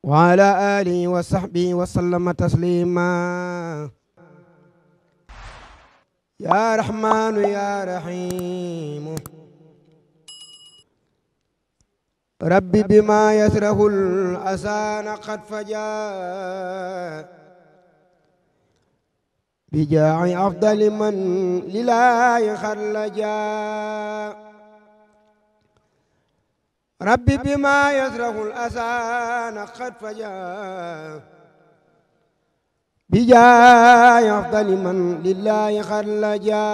wa ala alihi wa sahbihi wa sallama taslima ya rahmanu ya rahimu rabbi bima yasrahul asana qad faja bijaa'i afdali man lilaay xarlaja rabbi bima yasrahul asana qad faja bi jaay afdali man lillahi xarlaja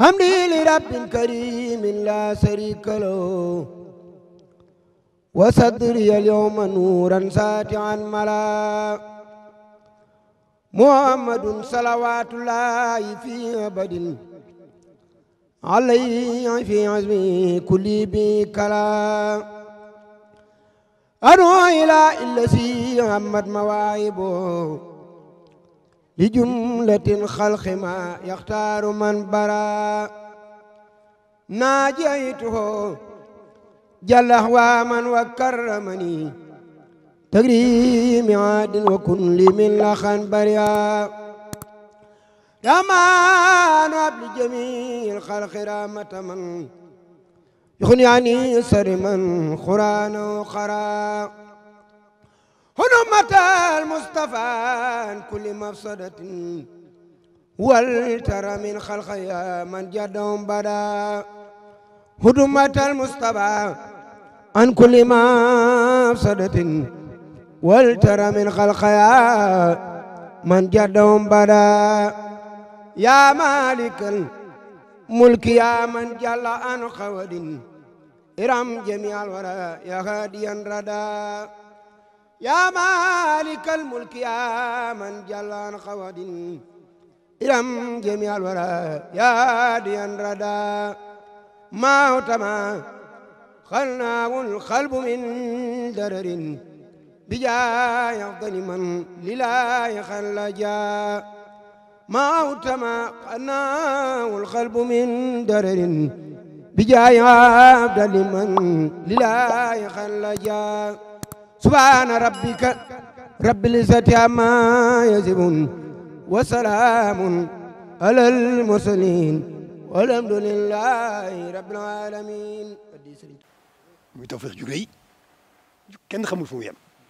hamdi li rabbil karimin la sharika lahu wa sadri al yawma nuran sati'an mala muhammadun salawatullahi fi abadin علي في عزمي كلي بكلا أنو إلى الذي عمد مواعبه لجملة خلق ما يختار من برا ناجيته جل ومن وكرمني تكريم عاد وكن لي من لخن بريا يمان وابل جميع الخلق رامة من يغني عني سر من خران وخرا هنمة المصطفى عن كل مفسدة والترى من خلق يا من جدهم بدا هدمة المصطفى عن كل مفسدة والترى من خلق يا من جدهم بدا yaa maalikal mulki yaa man jalla an xawadin iram jamial wara yaa haadiyan radaa yaa maalikal mulki yaa man jalla an xawadin iram jamial wara yaa haadiyan radaa maa utama xalnaawul xalbu min dararin bijaa yaxdani man lilaahi xallajaa ما أتما قناه القلب من درر بجاي عبد لمن لله خلجا سبحان ربك رب العزة عما يصفون وسلام على المرسلين والحمد لله رب العالمين muy tawfeex ju rëy kenn xamul fu mu yem